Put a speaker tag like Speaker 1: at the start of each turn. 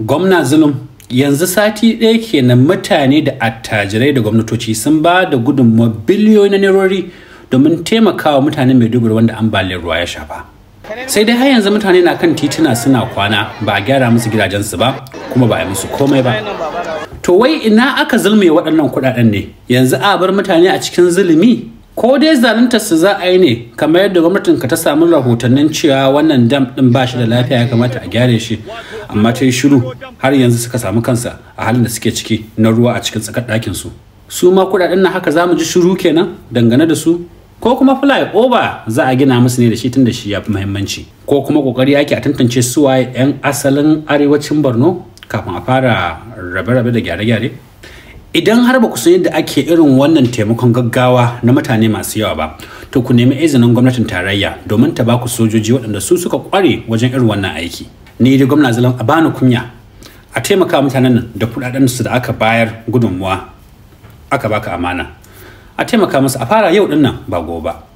Speaker 1: gwamna zulum yanzu sati ɗaya kenan mutane da attajirai da gwamnatoci sun ba da biliyoyi na nerori domin taimakawa mutanen maiduguri wanda ambaliyar ruwa ya shafa sai dai har yanzu mutane na kan tituna suna kwana ba a gyara musu gidajensu ba kuma ba a yi musu komai ba to wai ina aka zulme waɗannan kuɗaɗen ne yanzu a bar mutane a cikin zulumi ko dai zaluntar su za a yi ne kamar yadda gwamnatin ka ta samu rahotannin cewa wannan dam din ba shi da lafiya ya kamata a gyare shi amma ta yi shiru har yanzu suka samu kansa a halin da suke ciki na ruwa a cikin tsakar ɗakin su su ma kuɗaɗen na haka zamu ji shiru kenan dangane da su ko kuma fly over za a gina musu ne da shi tun shi ya fi muhimmanci ko kuma kokari ake a tantance su waye 'yan asalin arewacin borno kafin a fara rabe-rabe da gyare-gyare idan har ba ku san yadda ake irin wannan taimakon gaggawa na mutane masu yawa ba to ku nemi izinin gwamnatin tarayya domin ta ba ku sojoji waɗanda su suka ƙware wajen irin wannan aiki ni da gwamna zalan a bani kunya a taimaka mutanen nan da kuɗaɗen su da aka bayar gudunmuwa aka baka amana a taimaka musu a fara yau ɗin nan ba gobe